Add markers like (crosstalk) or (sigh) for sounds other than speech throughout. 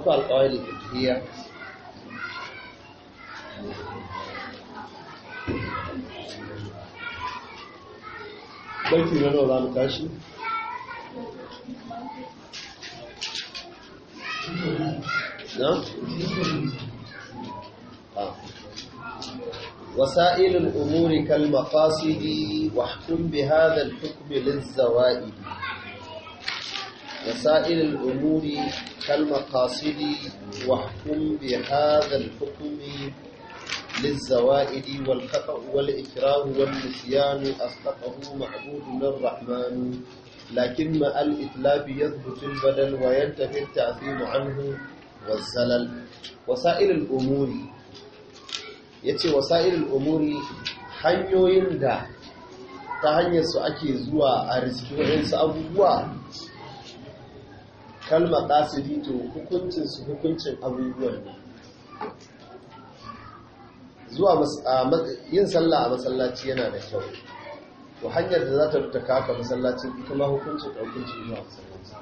وفق القواعد الفقهية بيتي من أولا متاشي نعم آه. وسائل الأمور كالمقاصد واحكم بهذا الحكم للزوائد وسائر الأمور كالمقاصد واحكم بهذا الحكم للزوائد والخطأ والإكراه والنسيان أصدقه معبود الرحمن لكن مع الإتلاب يثبت البدل وينتفي التعثيم عنه والزلل وسائل الأمور yace wasa'ilul umuri hanyoyin da ta hanyar su ake zuwa a riski waɗansu abubuwa kalma kasidi to hukuncin su hukuncin abubuwan ne zuwa yin sallah a masallaci yana da kyau to hanyar da za ta rubuta kaka masallacin ita ma hukuncin ɗaukuncin zuwa masallaci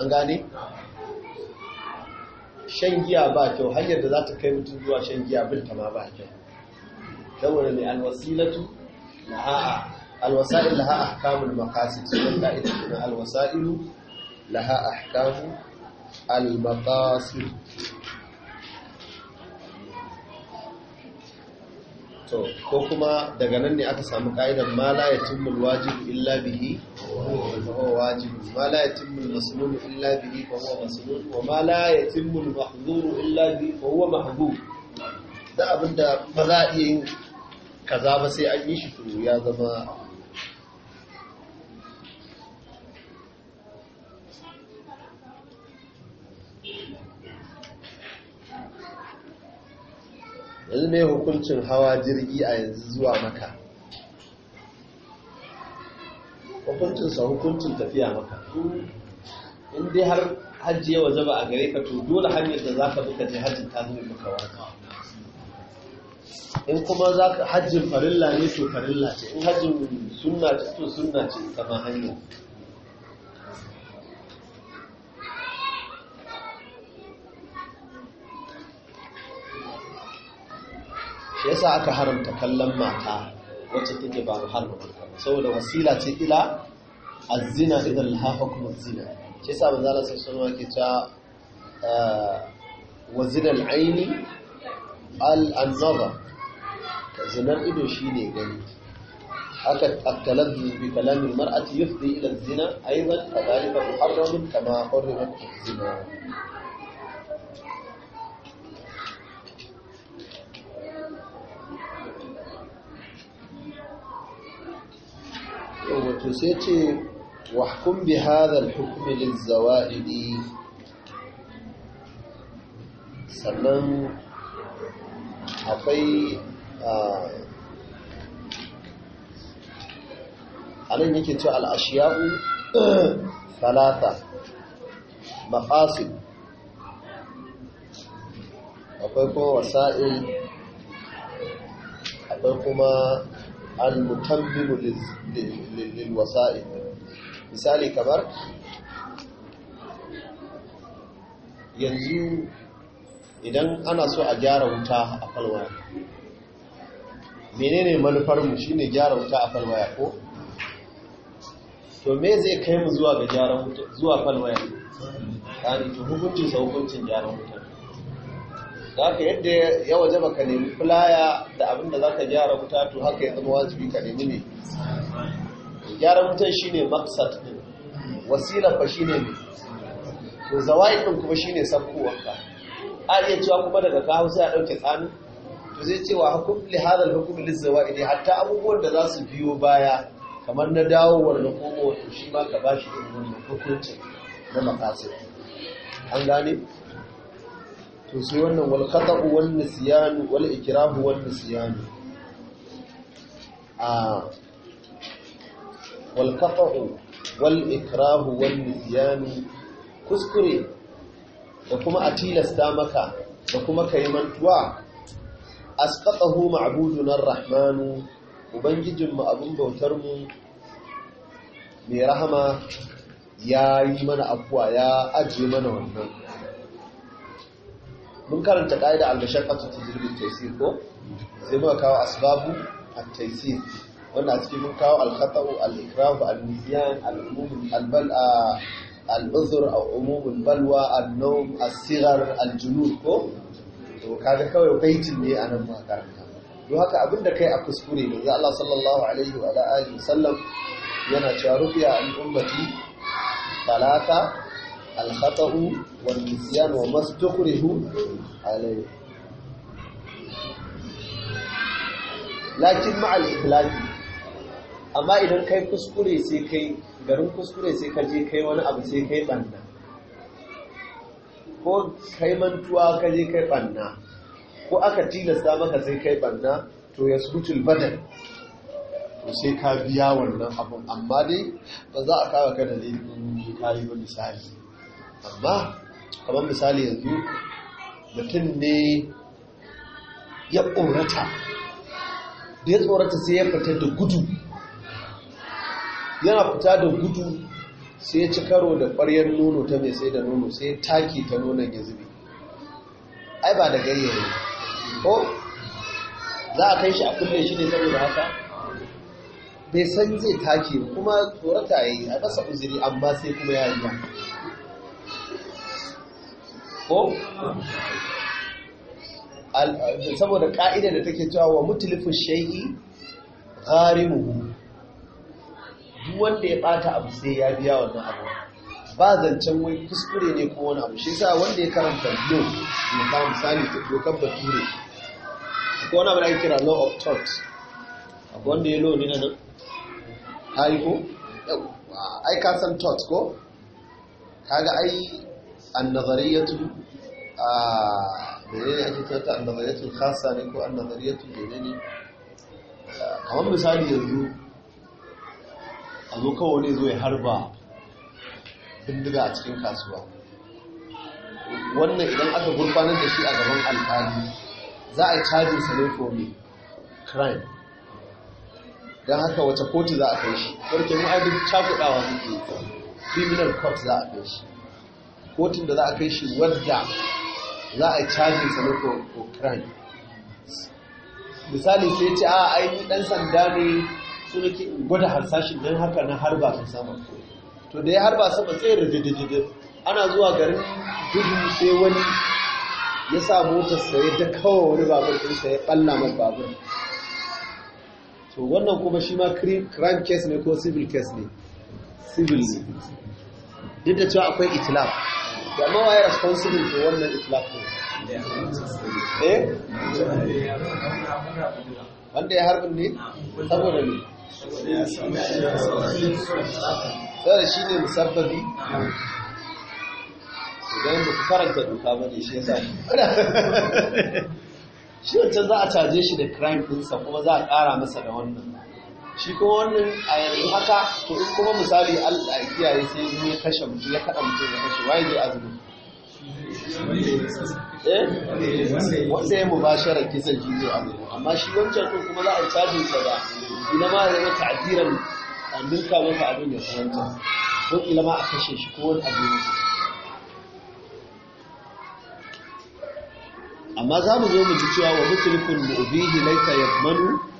an gane? shan giya ba kyau hanyar da za ta kai mutum zuwa shan giya binta ma ba kyau saboda mai alwasilatu a'a alwasa'il ha'a kamun makasit sun ita kuma alwasa'ilu laha ahkamu al-maqasid to ko kuma daga nan ne aka samu ƙa'idar ma la yatimmu wajibu illa bihi fa huwa wajib ma la yatimmu al-maslum illa bihi fa huwa maslum wa ma la yatimmu al-mahzuru illa bihi fa huwa mahzur da abinda ba za a iya yin kaza ba sai an yi shi to ya zama yanzu mai hukuncin hawa jirgi a yanzu zuwa maka hukuncinsa hukuncin tafiya maka in dai har hajji yawa zaba a gare ka to dole hanyar da za ka bi ka je hajjin ta zuwa maka wata in kuma za ka hajjin farilla ne to farilla ce in hajjin sunna ce to sunna ce kama hanyar yasa aka haramta kallon mata wacce take ba mu harba saboda wasila ce ila azina idan laha hukumar zina shi ba manzo Allah sallallahu alaihi ke ta ah, wa zina al-aini al-nazar zinar ido shine gani haka at-talazzuz bi kalam al-mar'ati yufdi ila az-zina aidan fadhalika muharramun kama hurrimat az-zina wato sai ce wahkum bi hadha al lil-zawa'idi sannan akwai a nan yake ce ashiya'u salata mafasid akwai kuma wasa'il akwai kuma al-mutammimu lil wasa'il misali kamar yanzu idan ana so a gyara wuta a falwaya menene manufarmu shine gyara wuta a falwaya ko to me zai kai mu zuwa ga gyara wuta zuwa falwaya kani to hukuncin sa hukuncin gyaran wuta da haka yadda ya waje ka nemi fulaya da abin da za ka gyara wuta to haka ya zama wajibi ka nemi ne Gyara wutan shi ne maksat ɗin wasilar ba shi ne to zawai ɗin kuma shi ne wanka. a iya cewa kuma daga kawo sai a ɗauke tsami to zai cewa hukum li hadal hukum li zawai ne hatta abubuwan da za su biyo baya kamar na dawowar da komo to shi ma ka bashi ɗin wani hukunci na makasir an gane to sai wannan wal wal nisyan wal ikrahu wal nisyan a wal ikrahu wal kuskure da kuma a tilasta maka da kuma kai mantuwa asqatahu ma'buduna ar-rahmanu mu abin mu mai rahama ya yi mana afuwa ya ajiye mana wannan mun karanta ƙa'ida al-mashaqqatu tujribu at-taysir ko sai muka kawo asbabu at-taysir wannan a cikin mun kawo al-khata'u al-ikrahu al-nizyan al-umum al-bal al-uzr aw umum al-balwa an-nawm as-sighar al-junud ko to kaga kawai baitin ne anan ma karanta don haka abinda kai a kuskure ne za Allah sallallahu alaihi wa alihi yana cewa rubiya al-ummati talata alkhata'u wal nisyan wa mastukrihu alayhi lakin ma'al iflaki amma idan kai kuskure sai kai garin kuskure sai ka je kai wani abu sai kai banna ko kai mantuwa ka je kai banna ko aka tilasta maka sai kai banna to ya sutul badal to sai ka biya wannan abun amma dai ba za a kawo ka da laifin kayi ba misali amma kamar misali yanzu mutum ne ya tsorata da ya tsorata sai ya fita da gudu yana fita da gudu sai ya ci karo da ƙwaryar nono ta mai sai da nono sai ya taki ta nonon ya zube ai ba da gayyaye ko za a kai shi a kulle shi ne saboda haka bai san zai take. kuma tsorata ya yi a ƙasa uziri amma sai kuma ya yi ba ko saboda ka'ida da take cewa wa mutulufin shay'i gharimuhu duk wanda ya bata abu sai ya biya wannan abu ba zancen wai kuskure ne ko wani abu shi sa wanda ya karanta biyu da ta misali ta dokar bature ko wani abu da ake kira law of thought abu wanda ya law na nan ai ko ai ka san thought ko kaga ai an-nazariyatu a menene ake kyauta an-nazariyatu khassa ne ko an-nazariyatu ne. kamar misali yanzu a zo kawo ne zo ya harba bindiga a cikin kasuwa wannan idan aka gurfanar da shi a gaban alƙali za a yi cajin sa ne for me crime don haka wace kotu za a kai shi farkin ma'adin cakudawa suke criminal court za a kai shi kotun da za a kai shi wadda za a cajin sa ko crime misali sai ce a ah, ai dan sanda ne su ne gwada harsashi, don haka na harba su sama. to da ya harba sama sai ridididid ana zuwa garin gudu sai wani ya sa motar sai ya dakawa wani babur din sai ya balla mai babur to wannan kuma shi ma crime case ne ko civil case ne civil ne duk da cewa akwai itilaf da ma waye responsible to wannan itlaq eh wanda ya harbin ne saboda ne saboda shi ne musabbabi idan ba ku karanta doka ba ne shi ya sa (laughs) shi wancan za a caje shi da crime ɗinsa kuma za a ƙara masa da wannan shi ko wannan a yanzu haka to in kuma misali Allah ya kiyaye sai ya kashe mutum ya kada mutum ya kashe waye zai azumi eh wanda ya mubashara kisan shi a azumi amma shi wancan kun kuma za a cajin sa da ina ma da ta'diran an dinka masa abin ya sananta ko ila ma a kashe shi ko wani abin ya amma za mu zo mu ji cewa wa musulkun mu'bihi laita yadmanu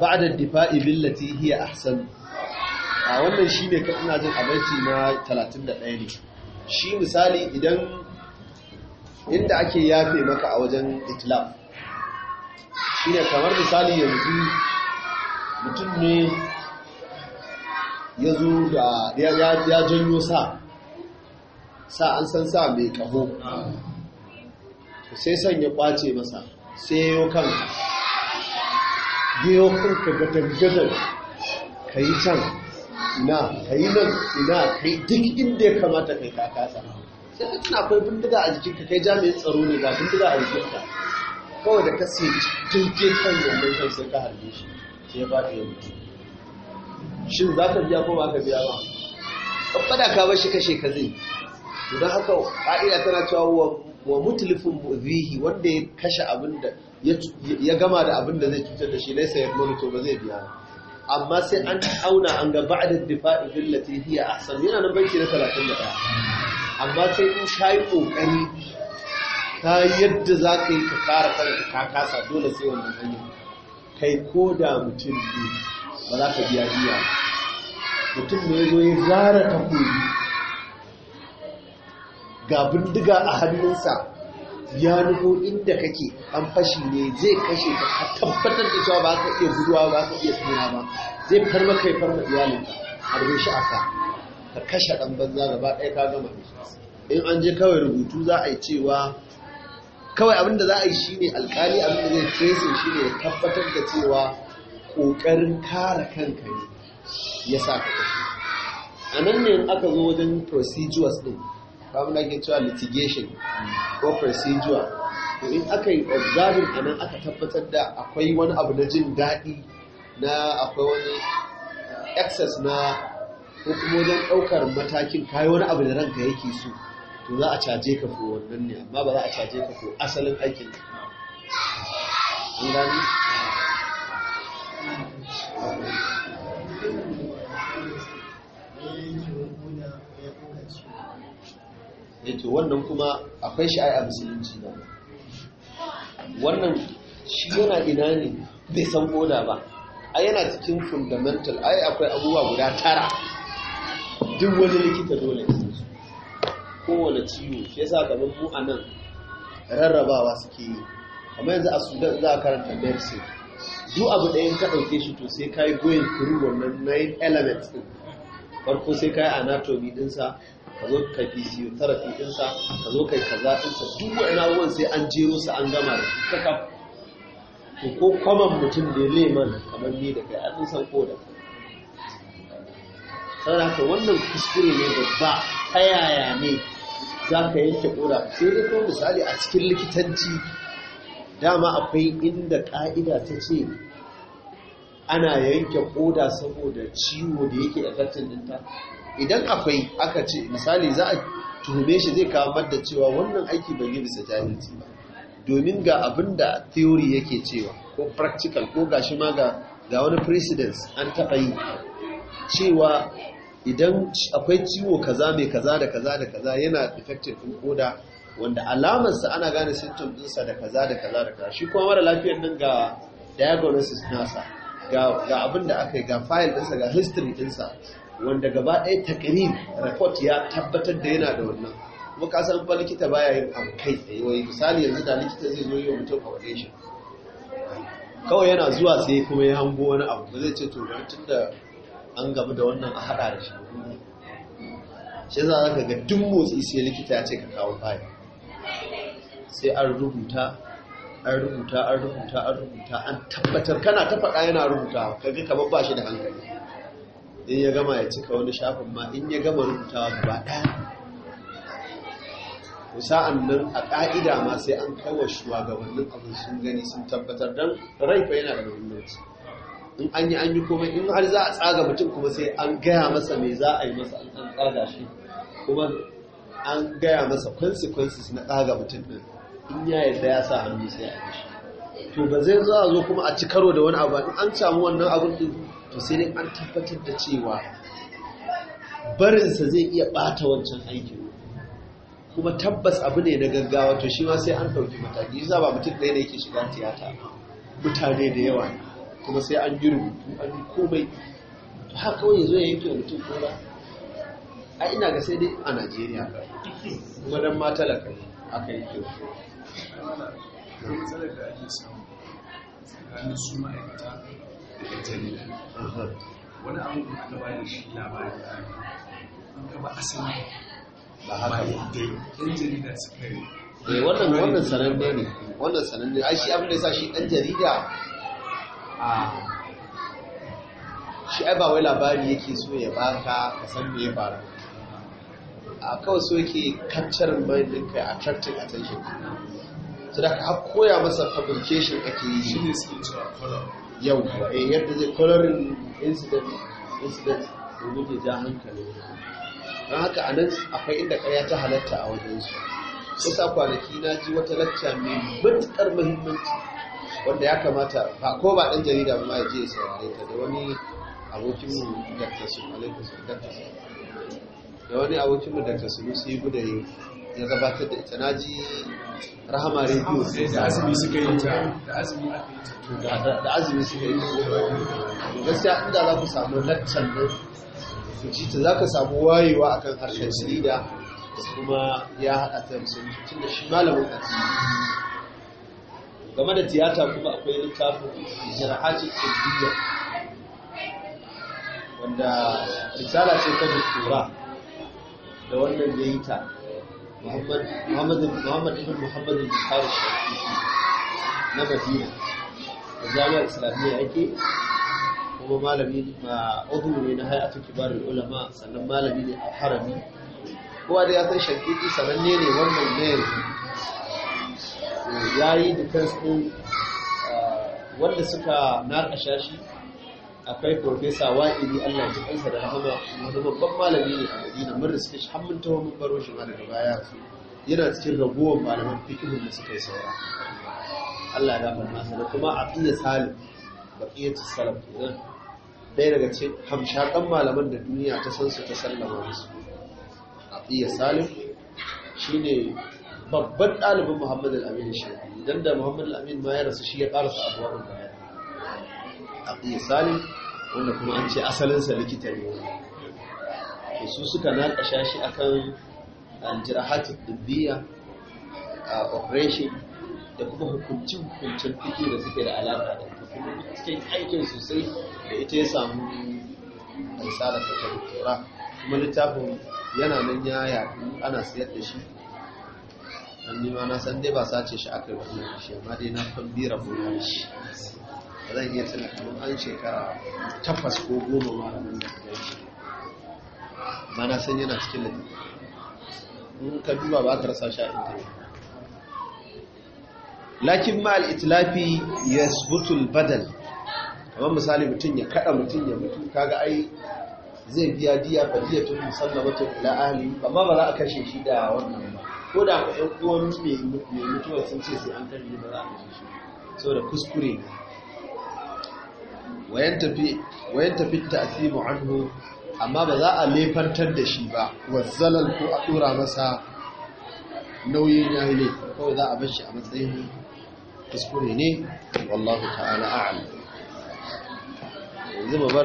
ba'da difa'i billati hiya ahsan a wannan shine ka ina jin abaiti na 31 ne shi misali idan inda ake yafe maka a wajen shi shine kamar misali yanzu mutum ne ya zo da ya janyo sa sa an san sa mai kaho sai son ya kwace masa sai yau kanka biyo kanka ga gadan ka yi can na ka yi nan ina ka yi duk inda ya kamata kai ka kasa sai ka tuna akwai bindiga a ka kai jami'in tsaro ne ga bindiga a ka kawai da ka sai jirgin kan yanzu kan sai ka harbe shi sai ba ta yanzu shin za ka biya ko ba ka biya ba babbada ka bar shi kashe ka zai idan haka ƙa'ida tana cewa wa mutlifin mu'zihi wanda ya kashe abin ya gama da abin da zai cutar da shi laisa ya to ba zai biya amma sai an auna an ga ba'da difa'i billati hiya ahsan yana nan banki na 31 amma sai in kai kokari ta yadda za ka yi ka kara kanka ka kasa dole sai wannan hanya kai ko da mutum ne ba za ka biya biya mutum ne zo ya zara kogi. ga bindiga a hannunsa ya nufo inda kake an fashi ne zai kashe ka a tabbatar da cewa ba ka iya guduwa ba ka iya tsira ba zai farma kai farma iyalinka a rufe shi aka ka kashe ɗan banza gaba ɗaya ka gama ne in an je kawai rubutu za a yi cewa kawai abin da za a yi shi ne alkali abin da zai tracing shi ne ya tabbatar da cewa ƙoƙarin kare kanka ne ya sa ka kashe a nan ne aka zo wajen procedures din. babu na ke cewa litigation ko procedure to in aka yi observing a nan aka tabbatar da akwai wani abu na jin daɗi na akwai wani eh, excess na ko kuma wajen ɗaukar matakin kayi wani abu da ranka yake so to za a caje ka fi wannan ne amma ba za a caje ka fi asalin aikin ka. to wannan kuma akwai shi ai a musulunci ba wannan shi yana ina ne bai san koda ba ai yana cikin fundamental ai akwai abubuwa guda tara duk wani likita dole su kowane ciwo shi yasa kamar mu a nan rarrabawa suke yi kamar yanzu a sudan za a karanta medicine duk abu ɗaya ka ɗauke shi to sai ka yi goyin through wannan nine elements ɗin farko sai ka yi anatomy ɗinsa ka zo ka physiotherapy ɗinsa ka zo kai kaza ɗinsa duk ina abubuwan sai an jero su an gama da su to ko kwaman mutum da leman kamar ni da kai an san ko da haka wannan kuskure ne babba ta yaya ne za ka yanke ƙoda sai dai kuma misali a cikin likitanci dama akwai inda ƙa'ida ta ce ana yanke koda saboda ciwo da yake affecting dinta idan akwai aka ce misali za a tuhume shi zai kamar da cewa wannan aiki bai yi bisa jahilci ba domin ga abin da theory yake cewa ko practical ko gashi ma ga ga wani precedence an taɓa yi cewa idan akwai ciwo kaza mai kaza da kaza da kaza yana defective ɗin koda wanda alamarsa ana gane symptom ɗinsa da kaza da kaza da kaza shi kuma mara lafiyar nan ga diagnosis nasa ga abin da aka yi ga fayil ɗinsa ga history ɗinsa wanda gaba ɗaya takarir report ya tabbatar da yana da wannan kuma ka san ba likita baya yin abu kai tsaye wai misali yanzu da likita zai zo yi wa mutum foundation kawai yana zuwa sai kuma ya hango wani abu ba zai ce to tun da an gaba da wannan a haɗa da shi shi za ka ga duk motsi sai likita ya ce ka kawo fayil sai an rubuta an rubuta an rubuta an rubuta an tabbatar kana ta faɗa yana rubuta kaga kamar ba shi da hankali in ya gama ya cika wani shafin ma in ya gama rubutawa gaba ɗaya sa'an nan a ƙa'ida ma sai an kawo shugabannin abin sun gani sun tabbatar don raifa yana da muhimmanci in an yi an yi komai in har za a tsaga mutum kuma sai an gaya masa mai za a yi masa an tsaga shi kuma an gaya masa consequences na tsaga mutum din in ya yi ya sa hannu sai a yi to ba zai zo a zo kuma a ci karo da wani abu in an samu wannan abin din to sai dai an tabbatar da cewa barinsa zai iya ɓata wancan aikin kuma tabbas abu ne na gaggawa to shi ma sai an ɗauki mataki shi ba mutum ɗaya ne yake shiga tiyata mutane da yawa kuma sai an yi rubutu an yi komai to haka kawai zo ya yanke wa mutum kora a ina ga sai dai a najeriya kuma dan ma talaka aka yi kyau kan matsalar da ake samu tsakanin su ma'aikata da ɗan intanet wani abu da aka bayar shi labarin an gaba asali ba haka ba da yan jarida suka yi eh, wannan wannan sananne ne wannan sananne ai shi abin da yasa shi dan jarida a shi ai ba wai labari yake so ya baka ka san me ya faru a kawai so yake capturing kai ɗinka attracting attention su da ka koya masa fabrication ake yi shi ne suke color yau eh yadda zai coloring incident incident domin ja hankali don haka a nan akwai inda kaya ta halatta a wajen su sa kwanaki na ji wata lacca mai matukar mahimmanci wanda ya kamata ba ko ba ɗan jarida ba ya je ya saurare ta da wani abokin mu dakta su su su da wani abokin mu sun Sunusi Gudaye ya gabatar da ita naji Rahama Radio sai da azumi suka yi ta da azumi aka yi ta da azumi suka yi ta gaskiya inda za ku samu laccan nan ku ji ta za ka samu wayewa akan harshen Sirida kuma ya haɗa ta tun da shi malamin addini game da tiyata kuma akwai littafin jarhaji tsibbiya wanda risala ce ta doktora da wannan da yi ta muhammad ibn muhammad al-bukhari na madina da jami'ar islamiyya ake kuma malami ma udu ne na hayatu kibar ulama sannan malami ne a harami kowa da ya san shakiki sananne ne wannan ne eh, ya yi da kansu ah, wanda suka narka shashi akwai profesa wa'ili Allah ya ji kansa da rahama wani babban malami ne a Madina mun riske shi har mun tawo mun baro shi ma daga baya yana cikin ragowar malaman fikihun da suka yi saura Allah ya gafar masa da kuma fiye Salim salam salaf ɗaya daga cikin hamshakan malaman da duniya ta san su ta sallama musu fiye Salim shine babban ɗalibin Muhammadu al-Amin shi idan da Muhammadu al-Amin ma ya rasu shi ya karasa abuwa abin salim wanda kuma an ce asalinsa likita ne to su suka nakasha shi akan aljirahatu eh, dubbiya a operation da kuma hukunci hukuncin fiki da suke da alaka da suke aikin sosai da ita ya samu risalar ta doktora kuma littafin yana nan ya yaɗu ana sayar da shi an nima na san dai ba sace shi aka wani shi amma dai na kwambira bunar shi zan iya tuna kamar an shekara takwas ko goma ma abin da ya shi ba na san yana cikin lafiya in ka duba ba ka rasa sha inda ya lakin ma al'itilafi ya yasbutu badal kamar misali mutum ya kada mutum ya mutu kaga ai zai biya diya tun musallamatu ila ahli amma ba za a kashe shi da wannan ba ko da ku ɗan uwan mai mutuwa sun ce sai an karbi ba za a kashe shi saboda kuskure ne wayan tafi ta'asibu anhu amma ba za a lefantar da shi ba wazzalal ko a dora masa nauyin yayi ne kawai za a bar shi a matsayin kuskure ne wallahu ta'ala a'lam